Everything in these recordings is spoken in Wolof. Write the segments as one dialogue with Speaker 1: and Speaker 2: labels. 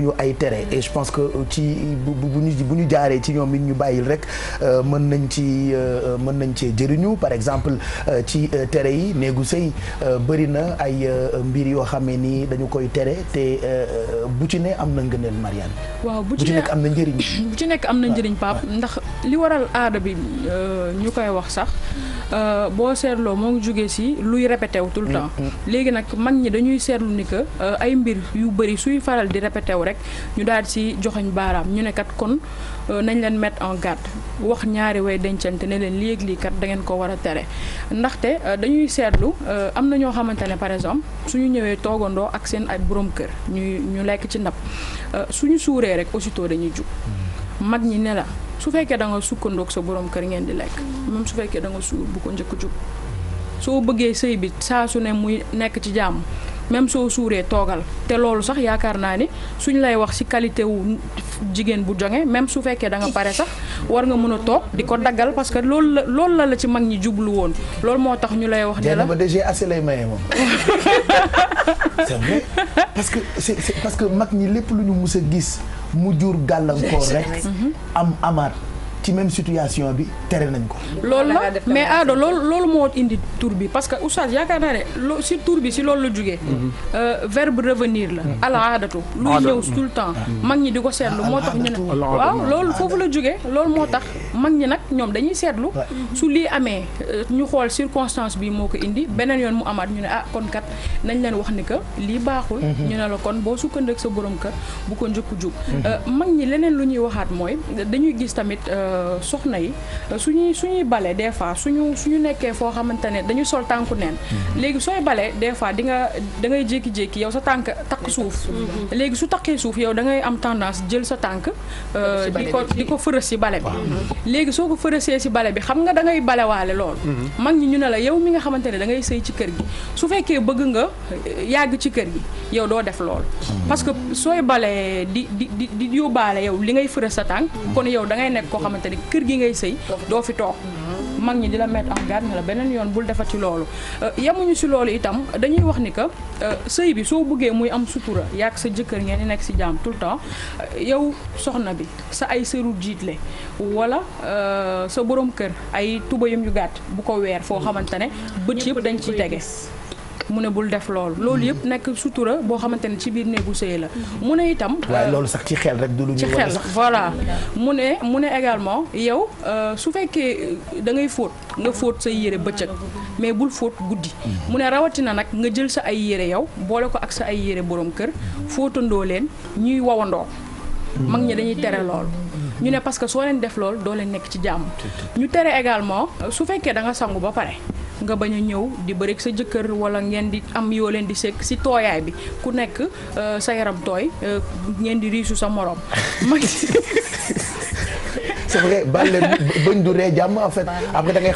Speaker 1: ñu ay tere et je pense que ci bu ñu bu ñu jaaree ci ñoom it ñu bàyyil rek euh, mën nañ ci euh, mën nañ cee jëriñu par exemple euh, ci tere yi néegu sëy bëri na ay mbir yoo xam ne nii dañu koy tere te bu ci ne am na ngëneel Marianne bu ci nekk am na njëriñ
Speaker 2: bu ci nekk am na njëriñ Pape ndax li waral aada bi ñu koy wax sax Euh, boo seetloo moo ngi jógee si luy répété wu temps mm, mm. léegi nag mag ñi dañuy seetlu ni que euh, ay mbir yu bëri suy faral di répété rek ñu daal si joxoñ baaraam ñu ne kat kon euh, nañ leen mettre en garde wax ñaari way dencante ne leen li lii kat da ngeen ko war a tere ndaxte dañuy seetlu am na ñoo xamante ne par exemple suñu ñëwee toogandoo ak seen ay borom kër ñuy ñu lekk ci ndab suñu suuree rek aussitôt dañuy jug mm. mag ñi ne la su fekkee da nga sukkandoog sa borom kër ngeen di lekk moom su fekkee danga nga suur bu ko njëkk a soo bëggee sëy bi saa su ne muy nekk ci jàmm même soo suuree toogal te loolu sax yaakaar naa ni suñ lay wax ci qualité wu jigéen bu jonge même su fekkee da nga pare sax war nga mën a toog di ko daggal parce que loolu la loolu la la ci mag ñi jublu woon loolu moo tax ñu lay wax. ne la déjà assez lay
Speaker 1: maye moom.
Speaker 2: parce que parce que mag ñi lépp lu
Speaker 1: ñu mus a gis mu jur gàllankoor rek. am amaat. ci même situation bi tere nañ ko.
Speaker 2: loolu la mais Ado loolu loolu moo indi tur bi parce que oustaz yaakaar naa ne loo si tur bi si loolu la jugee. Mhm. Euh, verbe revenir la. Mhm. ala aadatu luy ñëw tout le temps. Mhm. mag ñi di ko seetlu moo tax ñu ne. waaw loolu foofu la jugee loolu moo tax mag ñi nag ñoom dañuy seetlu. su lii amee euh, ñu xool circonstance bi moo ko indi beneen yoon mu amaat ñu ne ah kon kat nañ leen wax ni que lii baaxul. ñu ne la kon boo sukkandeek sa borom kër bu ko njëkku jug. Euh, mag ñi leneen lu ñuy waxaat mooy dañuy gis tamit. Euh, soxna yi euh, suñuy suñuy bale des fois suñu suñu nekkee foo xamante ne dañu sol tànku neen mhm. léegi sooy bale des fois di nga da ngay jékki-jékki yow sa tànk takk suuf mhm. léegi su takkee suuf yow da ngay am tendance jël sa tànk euh, di ko di ko fërës si bale bi mhm. léegi soo ko fërësee si bale bi xam nga da ngay balewaale loolu mag ñi ñu ne la yow mi nga xamante ne da ngay sëy ci kër gi su fekkee bëgg nga yàgg ci kër gi yow doo def loolu parce sooy bale di di di di yóbbaale yow li ngay fërës sa tànk kon yow da nekk koo xamante xamante kër gi ngay sëy doo fi toog mag ñi dina la mettre en na la beneen yoon bul defar ci loolu euh, yemuñu si loolu itam dañuy wax ni que euh, sëy bi soo buggee muy am sutura yàgg sa jëkkër ngeen di nekk si jàmm tout le temps euh, yow soxna bi sa ay sëru jiitle wala sa borom kër ay tubayam yu gàtt bu ko weer foo xamante ne bët yëpp dañ ci tege mu ne bul def loolu loolu yëpp nekk sutura boo xamante ne ci biir néegu sëy la mu ne itam
Speaker 1: waaye euh, loolu sax ci xel rek du lu ci xel
Speaker 2: voilà mu ne mu ne également yow euh, su fekkee euh, da ngay fóot nga fóot say yére bëccëg mais bul fóot guddi mu ne rawatina nag nga jël sa ay yére yow boole ko ak sa ay yére borom kër fóotandoo leen ñuy wawandoo
Speaker 3: mag ñi dañuy tere loolu
Speaker 2: ñu ne parce que soo leen def loolu doo leen nekk ci jàmm ñu tere également su fekkee da nga sangu ba pare nga bañ a ñëw di bëri sa jëkkër wala ngeen di am yoo leen di sekk si tooyaay bi ku nekk euh, sa yaram tooy euh, ngeen di riisu sa morom.
Speaker 1: c'est vrai bàlle bañ du ree jàmm en fait après da ngay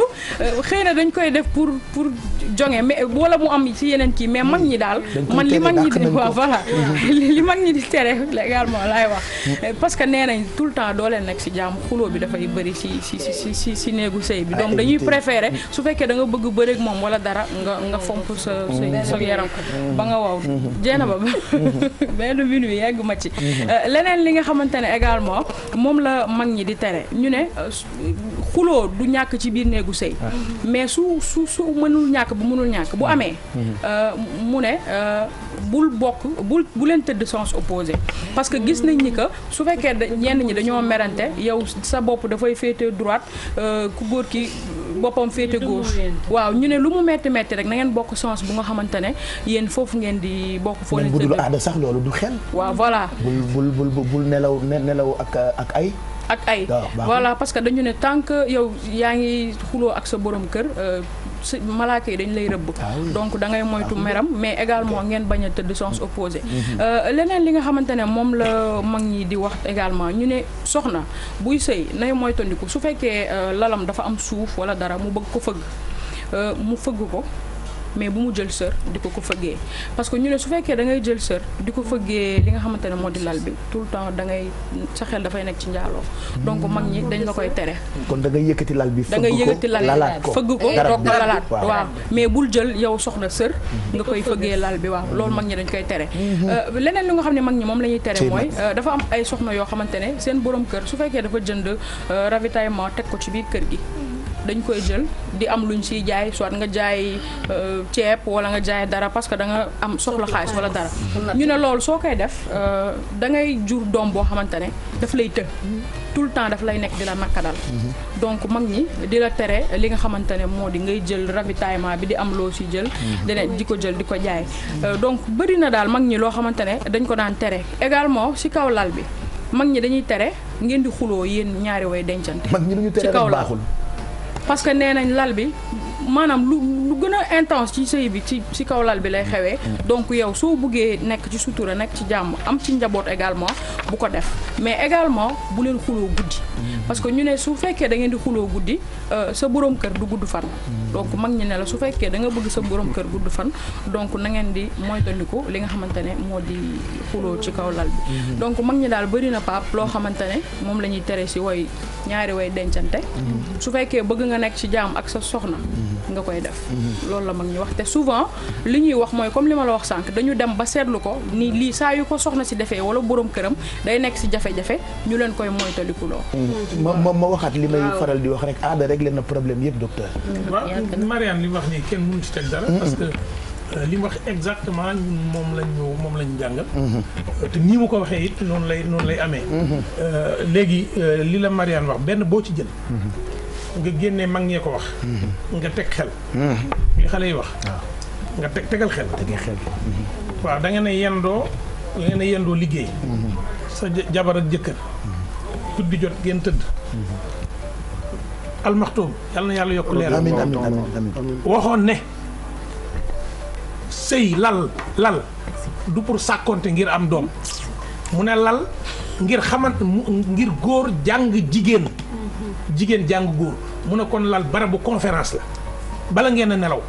Speaker 2: euh, xëy na dañ koy def pour pour jonge mais wala mu am ci yeneen kii mais mag ñi daal man li mag ñi di waaw mhm. li mag ñi di tere également laay wax parce que nee nañ tout le temps doo leen si jàmm xuloo bi dafay bëri si si si si si néegu sëy bi ah, donc dañuy préféré su fekkee da nga bëgg bëreeg moom wala dara nga nga fomp sa sa mhm. yaram mhm. ba nga waaw jeena ba benn minute ma ci Euh, leneen li nga xamante ne également moom la mag ñi di tere ñu ne euh, xuloo du ñàkk ci biir néegu sëy ah. mais su su su mënul ñàkk bu mënul ñàkk bu ah. amee mm-hmm. euh, mu ne bul bokk bul bu leen tëdd sens opposé parce que gis nañ ni que su fekkee ñenn ñi dañoo merante yow sa bopp dafay féete droite ku góor ki boppam féete gauche waaw ñu ne lu mu metti metti rek na ngeen bokk sens bu nga xamante ne yéen foofu ngeen di bokk foo leen bu dul
Speaker 1: aada sax loolu du xel waaw voilà bul bul bul bul nelaw nelaw ak ak ay
Speaker 2: ak ay voilà parce que dañu ne tant que yow yaa ngi xuloo ak sa borom kër euh, si malaaka yi dañu lay rëbb ah donc da ngay moytu ah meram mais également ngeen bañ a tëdd sens mm-hmm. opposé mm-hmm. Euh, leneen li nga xamante ne moom la mag ñi di wax également ñu ne soxna buy sëy nay moytandiku su fekkee euh, lalam dafa am suuf wala dara mu bëgg ko fëgg mu fëgg ko mais bu mu jël sër di ko ko fëggee parce que ñu ne su fekkee da ngay jël sër di ko fëggee li nga xamante ne moo di lal bi tout le temps da ngay sa xel dafay nekk ci njaaloo donc mag ñi dañ la koy tere.
Speaker 1: kon da ngay yëkkati lal bi. da ngay yëkkati lal ko fëgg ko toog ko lalaat waaw
Speaker 2: mais bul jël yow soxna sër mhm. nga koy fëggee lal bi waaw loolu mag ñi dañ koy tere mhm. euh, leneen li nga xam ne mag ñi moom la ñuy tere mooy euh, dafa am ay soxna yoo xamante ne seen borom kër su fekkee dafa jënd euh, ravitaillement teg ko ci biir kër gi dañ koy jël di am luñ siy jaay soit nga jaay euh, ceeb wala nga jaay dara parce que da nga am soxla xaalis wala dara. ñu ne loolu soo koy def euh, da ngay jur doom boo xamante ne daf lay të. tout le temps daf lay nekk di la nakkadal donc mag ñi di la tere li nga xamante ne moo di ngay jël ravitaillement bi di am loo si jël. dinañ di ko jël di ko jaay. Euh, donc bëri na daal mag ñi loo xamante ne dañ ko daan tere également si kaw lal bi mag ñi dañuy tere ngeen di xuloo yéen ñaari way dencante. mag ñi lu ñu tere baaxul ci parce que nee nañ lal bi maanaam lu. gën a intense ci sëy bi ci ci kaw lal bi lay xewee. Mm-hmm. Mm-hmm. donc yow soo buggee nekk ci sutura nekk ci jàmm am ci njaboot également bu ko def mais également bu leen xuloo guddi. Mm-hmm. parce que ñu ne su fekkee da ngeen di xuloo guddi euh, sa borom kër du gudd fan. donc mag ñi ne la su fekkee da bëgg sa borom kër gudd fan donc na ngeen di moytandiku li nga xamante ne moo di xuloo ci kaw lal donc mag ñi daal bëri na paap loo xamante ne moom la ñuy tere si woy ñaari way dencante. su fekkee bëgg nga nekk ci jàmm ak sa soxna. nga koy def. loolu la mag ñu wax te souvent li ñuy wax mooy comme li ma la wax sànq dañu dem ba seetlu ko ni lii saa yu ko soxna si defee wala borom këram day nekk si jafe-jafe ñu leen koy moytaliku loo.
Speaker 1: Mm-hmm. ma ma ma waxaat li may faral di wax rek aada réglé na problème yëpp
Speaker 4: docteur. Mm-hmm. waaw Marianne li wax nii kenn munu ci teg dara mm-hmm. parce que. Euh, li mu wax exactement moom lañ ñu moom lañ jàngal. te nii mu ko waxee it noonu lay noonu lay amee. Euh, léegi euh, li la Marianne wax benn boo ci jël. nga génne mag ñee ko wax. Mm-hmm. nga teg xel. Mm-hmm. li xale yi wax. Ah. nga teg tegal xel. tegal xel. Mm-hmm. waaw da nga yendoo da yendoo liggéey. sa jabar ak jëkkër. tuddi jot ngeen tëdd. almaxtuum yal na yàlla yokk leer. amiin
Speaker 3: amiin waxoon
Speaker 4: ne. sëy lal lal du pour sàkkonte ngir am doom mu ne lal ngir xamant ngir góor jàng jigéen. jigéen jàng góor mu ne kon lal barabu conférence la bala ngeen a nelaw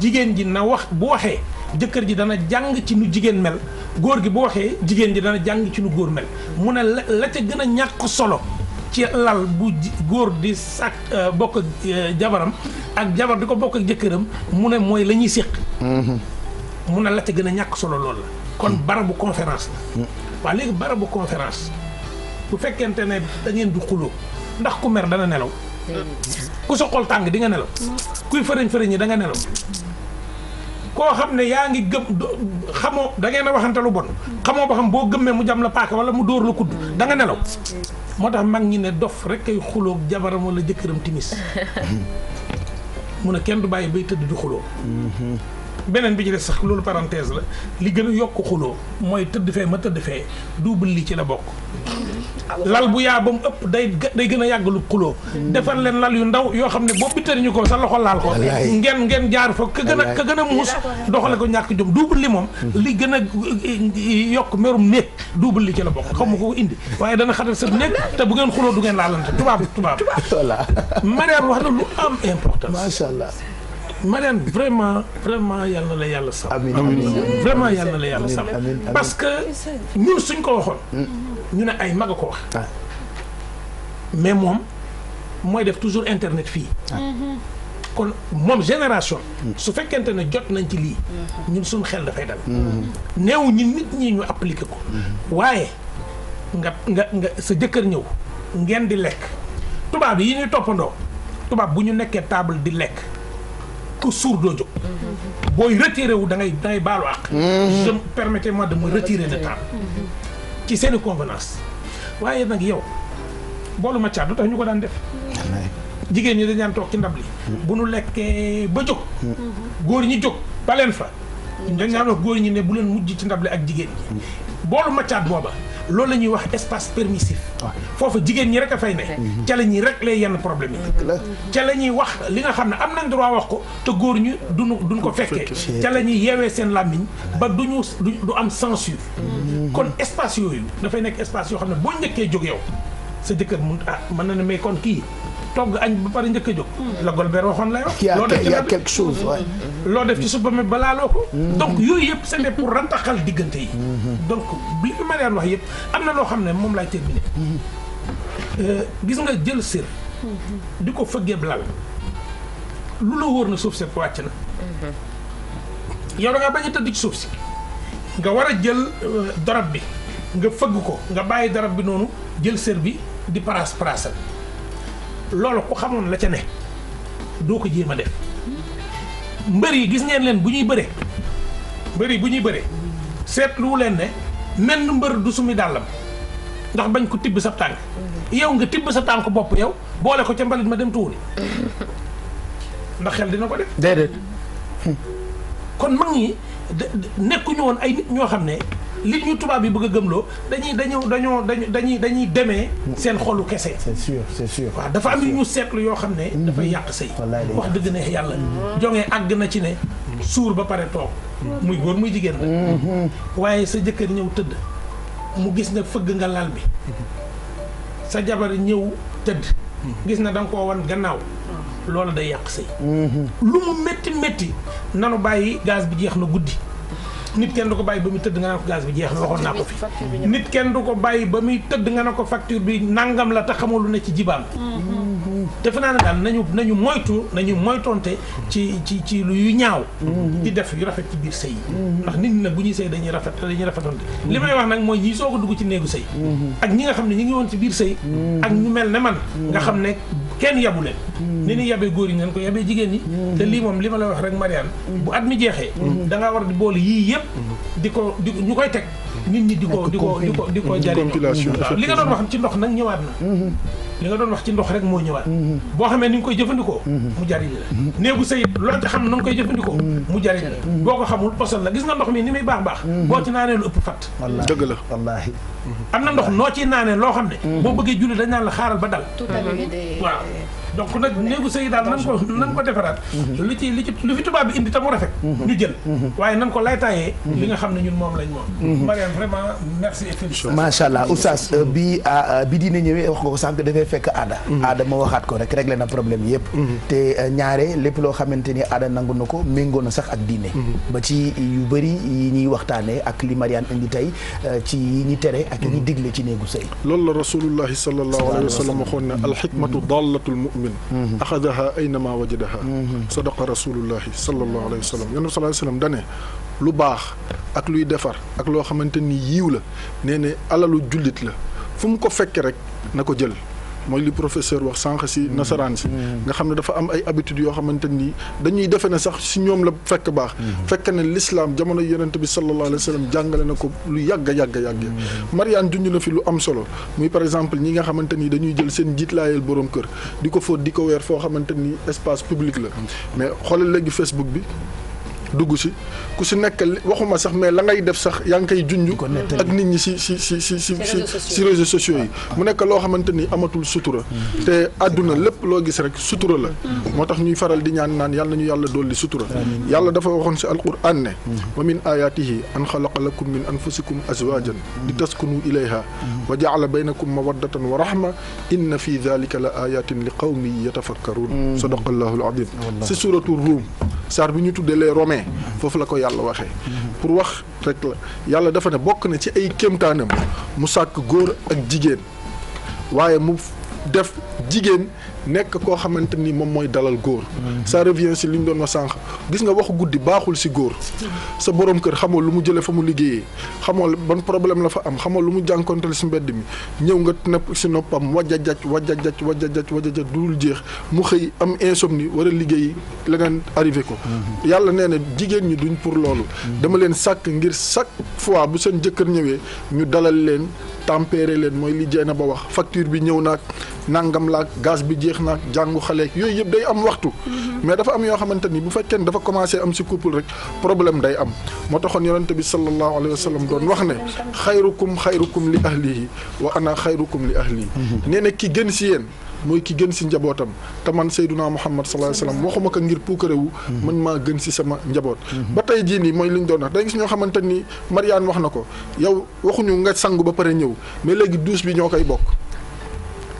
Speaker 4: jigéen ji na wax bu waxee jëkkër ji dana jàng ci nu jigéen mel góor gi bu waxee jigéen ji dana jàng ci nu góor mel mu ne la la ca gën a ñàkk solo ci lal bu góor di sàkk euh, bokk ak euh, jabaram ak jabar di ko bokk ak jëkkëram mu ne mooy la ñuy séq mm-hmm. mu ne la ca gën a ñàkk solo loolu la kon mm-hmm. barabu conférence la mm-hmm. waaw léegi barabu conférence bu fekkente ne da ngeen xuloo ndax ku mer dana nelaw ku sa xol tàng di nga nelaw kuy fëriñ fëriñ ñi da nga nelaw koo xam ne yaa ngi gëm xamoo da ngeen a waxante lu bon xamoo ba xam boo gëmmee mu jam la paaka wala mu dóor la kudd da nelaw moo tax mag ngi ne dof rek kay xulóog jabaram wala jëkkëram timis mu ne kenn du bàyyi bay tëdd di xuloo mhm. beneen bi ci des sax loolu parenthèse la li gën a yokk xuloo mooy tëdd fee ma tëdd fee double li ci la bokk. lal bu yaa ba mu ëpp day day gën a yàgg lu xuloo. defar leen lal yu ndaw yoo xam ne boo bittari ñu ko sa loxo laal ko. ngeen ngeen jaar fa ka gën a ka gën doxale ko ñàkk jom double li li gën a yokk merum néeg double li ci la bokk xam mu ko indi waaye dana xatal sa néeg te bu ngeen xuloo du ngeen laalante tubaab tubaab. voilà. Mariam wax na lu am importance. macha allah. Marianne vraiment vraiment yal na la yàlla sàmm. amiin amiin vraiment yal na la yàlla sàmm. parce que ñun suñ ko waxoon. ñu ne ay mag a ko wax. Ah. mais moom mooy def toujours internet fii. Ah. kon moom génération. Mm. su fekkente ne jot nañ ci lii. Mm-hmm. ñun suñ xel dafay dal. Mm-hmm. néew ñi nit ñi ñu appliqué ko. Mm-hmm. waaye nga nga nga sa jëkkër ñëw ngeen di lekk tubaab yi ñuy toppandoo tubaab bu ñu nekkee table di lekk. ko suur doo jóg. booy retiré wu da ngay da ngay baalu àq. Mhm. je permettez-moi de me retirer de ci seen i convenance. waaye nag yow boolu ma caat tax ñu ko daan def. jigéen ñi dañaan toog ci ndab li. Mhm. bu nu lekkee ba jóg. Mhm. góor ñi jóg baleen fa. dañ daan wax góor ñi ne bu leen mujj ci ndab li ak jigéen ñi. boolu ma booba. loolu la ñuy wax espace permissif foofu jigéen ñi rek a fay ne mhm. ca la ñuy rek lay yenn problème yi ca la ñuy wax li nga xam ne am nañ droit wax ko te góor ñi duñu duñ ko fekkee ca la ñuy yeewee seen làmmiñ ba du duñu du am censure mhm. kon espace yooyu dafay nekk espace yoo xam ne boo njëkkee jóg yow sa jëkkër mun ah mën na ne mais kon kii togg añ ba pare njëkk a jóg. Hmm. la Golbert waxoon lay wax. loo def ci y' a quelque loo def ci suba mi balaa loo ko. Hmm. donc yooyu yëpp c' est pour rantaxal diggante yi. Hmm. donc li fi Marianne wax yëpp am na loo xam ne moom laay terminé. Euh, gis nga jël sër. di ko fëggeeb lal lu la wóor na suuf si wàcc na. yow da bañ a tëdd ci suuf si. nga war a jël euh, darab bi nga fëgg ko nga bàyyi darab bi noonu jël sër bi di paras parasal. loolu ku xamoon la ca ne doo ko jéem a def mbër yi gis ngeen leen bu ñuy bëre mbër yi bu ñuy bëre seetlu leen ne menn mbër du summi dàllam ndax bañ ko tibb sa tànk yow nga tibb sa tànk bopp yow boole ko ca mbalit ma dem tuuri ndax xel dina ko def déedéet kon mag ñi nekkuñu woon ay nit ñoo xam ne li ñu tubaab yi bëgg a gëmloo dañuy dañoo dañoo dañuy dañuy demee seen xolu kese. c'est sûr c'est sûr waaw dafa am yu ñu seetlu yoo xam ne. Mhm. dafay yàq sëy wax dëgg neex yàlla. joŋee àgg na ci ne. suur ba pare toog. Mhm. muy góor muy jigéen rek. Mhm. waaye sa jëkkër ñëw tëdd. mu gis na fëgg nga lal bi. sa jabar ñëw tëdd. gis na da nga koo wan gannaaw. loolu day yàq sëy lu mu métti métti nanu bàyyi gaz bi jeex na guddi. nit kenn du ko bàyyi ba muy tëdd nga naan ko gaz bi jeex na waxoon naa ko fi nit kenn du ko bàyyi ba muy tëdd nga ne ko facture bi nangam la te xamul ne ci jibaam defe naa ne daal nañu nañu moytu nañu moytonte ci ci ci lu yu ñaaw di def yu rafet ci biir sëy ndax nit ñi nag bu ñuy sëy dañuy rafet dañuy rafetonte li may wax nag mooy ñi soo ko dugg ci néegu sëy ak ñi nga xam ne ñi ngi woon ci biir sëy ak ñu mel ne man nga xam ne kenn yabu leen hmm. ni ni yabee góor yi ngeen ko yabee jigéen ñi hmm. te lii moom li ma la wax rek Marianne hmm. bu at mi jeexee dangaa war di boole yii yëpp di ko di ñu koy teg nit ñi di ko di ko di ko di ko jariñoo li nga doon wax ci ndox nag ñëwaat na li nga doon wax ci ndox rek moo ñëwaat mm-hmm. boo xamee ni nga koy jëfandikoo mm-hmm. mu jariñ la néegu sëy loo ci xam na nga koy jëfandikoo mm-hmm. mu jariñ la boo ko xamul posal gis nga ndox mi ni muy baax baax boo ci naanee lu ëpp fat dëgg la wallaahi am na ndox noo ci naanee loo xam dañ naan la xaaral ba dal waaw donc nag ko nan ko defaraat li ci li ci li fi tubaab bi indi tamu rafet ñu jël waaye nan ko lay taayee li nga xam ne ñun moom lañ moom Mariane vraiment merci macha allah oustaz
Speaker 1: euh, bi euh, bi dina ñëwee wax nga ko sànq dafay fekk aada mhm. aada ma waxaat ko rek réglé na problème yëpp mhm. te euh, ñaare lépp loo xamante ni aada nangu na ko méngoo na sax ak diine mhm. ba ci yu bëri yi ñuy waxtaane ak li Marianne indi tey euh, ci yi ñi tere ak yi ñi digle ci néegu sëy
Speaker 3: loolu la rasulullahi sallallahu alayhi wa sallam waxoon ne alxikmatu dallatul mumin axadaha aynama wajadaha sadaqa rasulullahi sallallahu alayhi wa sallam yonent bi sallallahu alayhi wa sallam dane lu baax ak luy defar ak loo xamante ni yiiw la nee ne alalu jullit la fu mu ko fekke rek na ko jël mooy li professeur wax sànq si mm-hmm. nasaraan si mm-hmm. nga xam ne dafa am ay habitudes yoo xamante nii dañuy defe ne sax si ñoom la fekk baax mm-hmm. fekk ne lislaam jamono yonent bi sallallahu alayhi wa jàngale na ko lu yàgg a yàgg a yàgg Mariane junj na fi lu am solo muy par exemple ñi nga xamante nii dañuy jël seen jiitlaayal boroom kër di ko fóot di ko weer foo xamante nii espace public la mais xoolal léegi Facebook bi dugg si ku si nekk waxuma sax mais la ngay def sax yaa ngi koy junj ak nit ñi si si si si si si réseaux sociaux yi ah. mu nekk loo xamante ni amatul sutura mm. te àdduna lépp loo gis rek sutura la mm. moo tax ñuy faral di ñaan naan yàlla ñu yàlla dolli sutura yàlla dafa waxoon si alquran ne mm. wa min ayatihi an xalaq lakum min anfusikum azwajan li taskunu ilayha wa jaala wa rahma inna fi dalika la ayatin mm. ñu tuddee les romains foofu la ko yàlla waxee mm-hmm. pour wax rek la yàlla dafa ne bokk na ci ay kéemtaanam mu sàkk góor ak jigéen waaye mu def jigéen nekk koo xamante ni moom mooy dalal góor. ça revient si li ñu doon wax sànq gis nga waxu guddi baaxul si góor. sa boroom kër xamoo lu mu jëlee fa mu liggéeyee xamoo ban problème la fa am xamoo lu mu jànkonteel si mbedd mi ñëw nga nepp si noppam wajajaj wajajaj wajajaj wajajaj dul jeex mu xëy am insomnie war a liggéey leneen arrivé ko. Mhm. yàlla nee na jigéen ñi duñ pour loolu. Mhm. dama leen sàkk ngir chaque fois bu seen jëkkër ñëwee ñu dalal leen tempérer leen mooy li na ba wax facture bi ñëw naag. nangam laak gaz bi jeex na jàngu xale yooyu yëpp day am waxtu. Mhm. mais dafa am yoo xamante ni bu fekkee ne dafa commencé am si couple rek problème day am moo taxoon yonent bi sallallahu alayhi wa sallam doon wax ne xayrukum xayrukum li ahlihi wa ana xayrukum li ahli mhm. nee na ki gën si yéen. mooy ki gën si njabootam te man Seydunaa Muhammad sallallahu alayhi wa sallam waxuma ko ngir puukarewu mhm. man maa gën si sama njaboot ba tey jii nii mooy li ñu doon wax da gis ñoo xamante ni Marianne wax na ko yow waxuñu nga sangu ba pare ñëw mais léegi douche bi ñoo koy bokk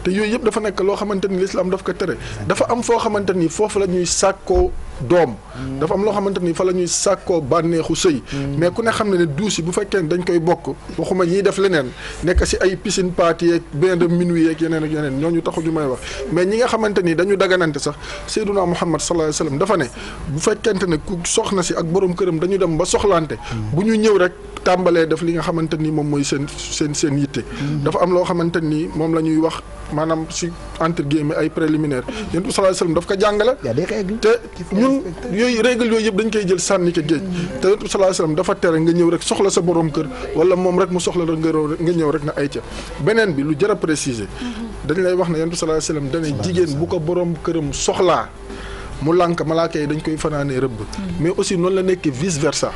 Speaker 3: te yooyu yëpp dafa nekk loo xamante ni l'islam daf ko tere dafa am foo xamante ni foofu la ñuy sàkkoo doom dafa am loo xamante ni fa la ñuy sàkkoo bànneexu sëy mais ku ne xam ne ne duus yi bu fekkee ne dañ koy bokk waxuma ñiy def leneen nekk si ay piscine party yeeg bain de yeeg yeneen ak yeneen ñu taxu ñu may wax mais ñi nga xamante ni dañu daganante sax Seydunaa Muhammad sallallahu alayhi wa sallam dafa ne bu fekkente ne ku soxna si ak borom këram dañu dem ba soxlante bu ñu ñëw rek tàmbalee def li nga xamante ni moom mooy seen seen seen yitte. Mhm. dafa am loo xamante ni moom la ñuy wax maanaam si entre guillemets ay préliminaire yonent bi sallallahu alayhi wasallam daf ko jàngale. te ñun yooyu règle yooyu yëpp dañ koy jël sànni ko géej. Mhm. te yonent bi sallallahu alayhi wasallam dafa tere nga ñëw rek soxla sa boroom kër wala moom rek mu soxla la nga ñëw rek na ay ca beneen bi lu jar a préciser. Mhm. dañ lay wax ne yonent bi sallallahu alayhi wasallam dana jigéen bu ko borom këram soxlaa. mu lànk malaaka yi dañ koy fanaanee rëbb mais aussi noonu la nekkee vice versa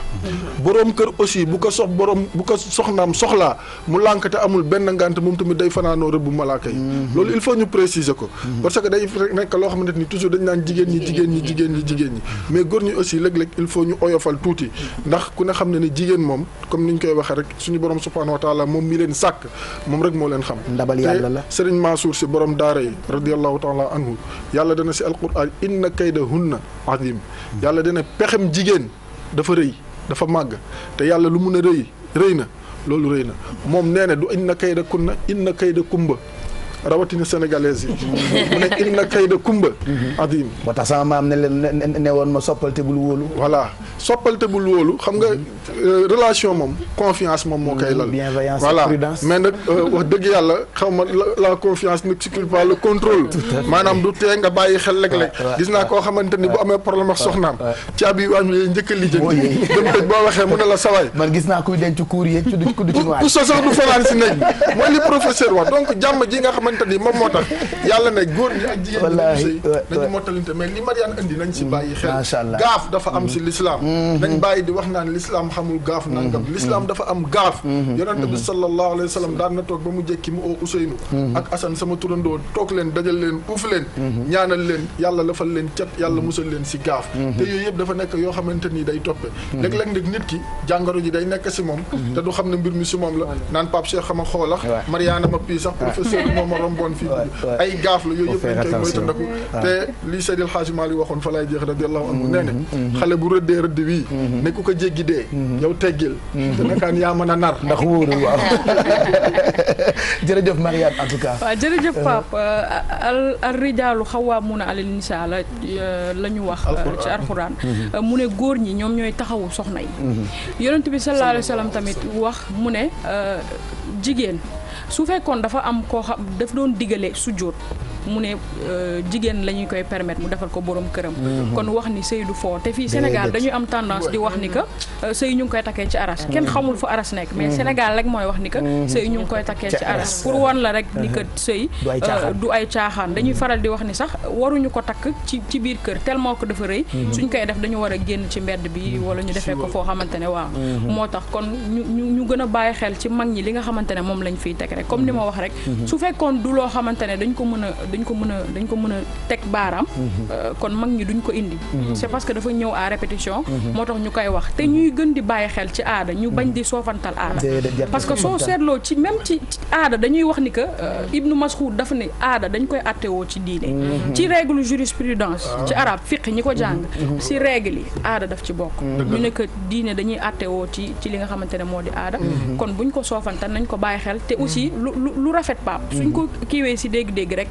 Speaker 3: boroom kër aussi bu ko sox boroom bu ko soxnaam soxlaa mu lànk te amul benn ngànt moom tamit day fanaanoo rëbb malaaka yi mhm. loolu il faut ñu préciser ko mhm. parce que day nekk loo xamante ni toujours dañ naan jigéen ñi jigéen ñi jigéen ñi jigéen ñi mhm. mais góor ñi aussi léeg-léeg il faut ñu oyofal tuuti ndax ku ne xam ne ne jigéen moom comme ni ñu koy waxee rek suñu borom subhanahu wa taala moom mi leen sàkk moom rek moo leen xam ndabal yàlla la Serigne Mansour si borom kaydahunna azim yàlla dina pexem jigéen dafa rëy dafa màgg te yàlla lu mun a rëy rëy na loolu rëy na moom nee na du inna kaydakunna inna kayda kumba rawatina sénégalais yi mu ne il na kay da kumba mhm. adim moo tax sama maam ne ne woon ma soppalte bul wóolu voilà soppalte bul wóolu xam nga mhm. euh, relation moom confiance moom moo koy lal mm, voilà mais nag euh, wax dëgg yàlla xaw ma la confiance n'exclut pas le contrôle maanaam du tee nga bàyyi xel léeg-léeg gis naa koo xamante ni bu amee problème ak soxnaam caabi waañ yooyu njëkk a lijjanti dem tëj boo waxee mu ne la sawaay
Speaker 1: man gis naa kuy denc kuur yeeg ku du ci waay
Speaker 3: pour xamante ni moo tax yàlla ne góor ñi ak jigéen ñi sëy dañu mottalinte mais li Marianne indi nañ si bàyyi xel gaaf dafa am si mm-hmm. lislaam mm-hmm. nañ bàyyi di wax naan lislaam xamul gaaf mm-hmm. nangam lislaam dafa am gaaf yonente bi sallallahu alayhi wa daan na toog ba mu jekki mu oo Ousseynou ak Assane sama turandoo toog leen dajal leen uuf leen ñaanal leen yàlla lafal leen cat yàlla musal leen si gaaf te yooyu yëpp dafa nekk yoo xamante ni day toppe léeg-léeg nag nit ki jàngoro ji day nekk si moom te du xam ne mbir mi si moom la naan Pape Cheikh xama xoolax Marianne ma pii sax professeur moom romboon fii ay gaaf la yooyu yëpp dañ koy moytandiku te li Seydil Hadji Malick waxoon fa lay jeex radiyallahu anhu nee ne mhm, mhm, mhm. xale bu rëddee rëdd wii ne ku ko jéggi dee yow teggil danakaan yaa mën a nar ndax wóorul waaw jërëjëf Mariam en tout
Speaker 2: cas waaw jërëjëf euh. Pape euh, al rijaalu xawwaamuuna euh, wax ci alxuraan mu ne góor ñi ñoom ñooy taxawu soxna yi yonent bi sallallahu alayhi tamit wax mu ne jigéen su fekkoon dafa am koo xam daf doon digale sujjóot mu ne euh, jigéen la ñu koy permettre mu defal ko borom këram. Mm-hmm. kon wax ni sëy du foo te fii Sénégal dañuy am tendance di wax ni que euh, sëy ñu ngi koy takkee ci aras kenn mm-hmm. xamul fu aras nekk mm-hmm. ni que sëy koy takkee ci aras pour wan la rek ni que sëy euh, du ay caaxaan dañuy faral di wax ni sax waruñu ko takk ci ci biir kër tellement ko dafa rëy suñ koy def dañu war a génn ci mbedd bi wala ñu defee ko foo xamante ne waaw moo tax kon ñu ñu gën a bàyyi xel ci mag ñi li nga xamante ne moom lañ fiy teg rek comme ni ma wax rek su fekkoon dañ ko mën a dañ ko mën teg baaraam. Mhm. Euh, kon mag ñi duñ ko indi. Mhm. c'est parce que dafa ñëw à répétition. Mhm. moo tax ñu koy wax te ñuy gën di bàyyi xel ci aada ñu bañ di soofantal aada. parce que soo seetloo ci même ci aada dañuy wax ni que euh, Ibnu Mas'ud dafa ne aada dañ koy attewoo ci diine. ci règle jurisprudence ah. ci arab fiq ñi ko jàng. si règle yi aada daf ci bokk. ñu nekk diine dañuy attewoo ci ci li nga xamante ne moo di aada. kon buñ ko soofantal nañ ko bàyyi xel te aussi lu lu rafet paap suñ ko kiiwee si dégg-dégg rek.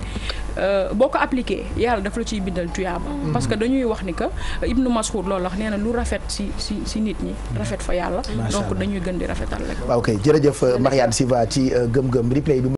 Speaker 2: Euh, boo ko appliqué yàlla dafa la ciy bindal tuyaaba. Mhm. parce que dañuy wax ni que euh, Ibnu Mas'ud loolu wax nee na lu rafet si si si nit ñi. Mhm. rafet fa yàlla. donc dañuy gën di rafetal rek.
Speaker 1: waaw kay jërëjëf euh, Mariane Siva ci gëm-gëm replay bi.